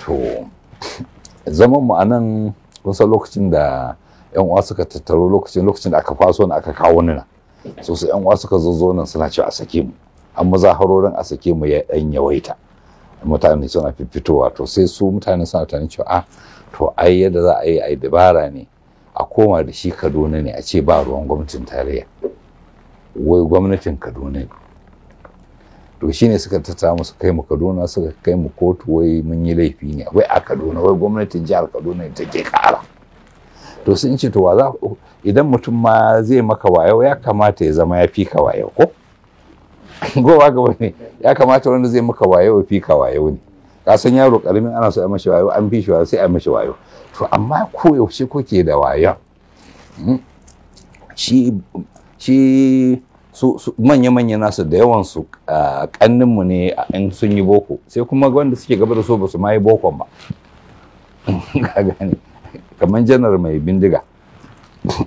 to zaman mu anan kun san lokacin da yan uwa suka tattaro lokacin lokacin da aka faso na aka kawo nuna so sai yan uwa suka zo nan suna cewa a sake mu an maza harorin a sake mu ya dan yawaita mutane suna fifitowa to sai su mutane suna tunanin cewa a ah, to ai yadda za a yi ai dabara ne a koma da shi Kaduna ne a ce ba ruwan gwamnatin tarayya wai gwamnatin Kaduna ne to shine suka tattara mu suka kai mu Kaduna suka kai mu kotu wai mun yi laifi ne wai a Kaduna wai gwamnatin jihar Kaduna ta ke kara to sun ce to wa za idan mutum ma zai maka wayo ya kamata ya zama ya fi ka wayo ko gowa gaba ne ya kamata wanda zai maka wayo ya fi wayo ne ka san yaro karamin ana so a mashi wayo an fi shi wayo sai a mashi wayo to amma koyaushe kuke da wayo hmm? shi shi su manya-manya nasu da yawan su kanninmu ne in sun yi boko sai kuma wanda suke gaba da so ba su ma yi bokon ba kamar janar mai bindiga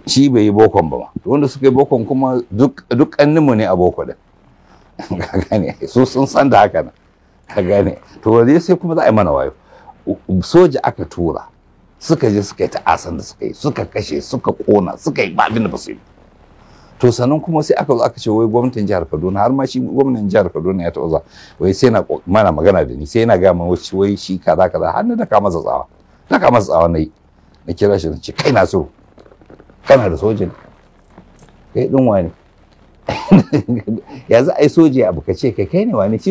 shi bai yi bokon ba To wanda suka yi bokon kuma duk ƙanninmu ne a boko din gane su sun san da haka nan ka gane to wanda sai kuma za a yi mana wayo soja aka tura suka je suka yi ta'asan da suka yi suka kashe suka kona suka yi ba abin da ba su yi to sannan kuma sai aka zo aka ce wai gwamnatin jihar Kaduna har ma shi gwamnatin jihar Kaduna ya taɓa wai sai na mana magana da ni sai yana ga min wacce wai shi kaza kaza har na daka masa tsawa daka masa tsawa yi. na kira shi na ce kai na so kana da sojin, kai eh, din wane ya za soji yi soja abu ka ce kai kai ne wane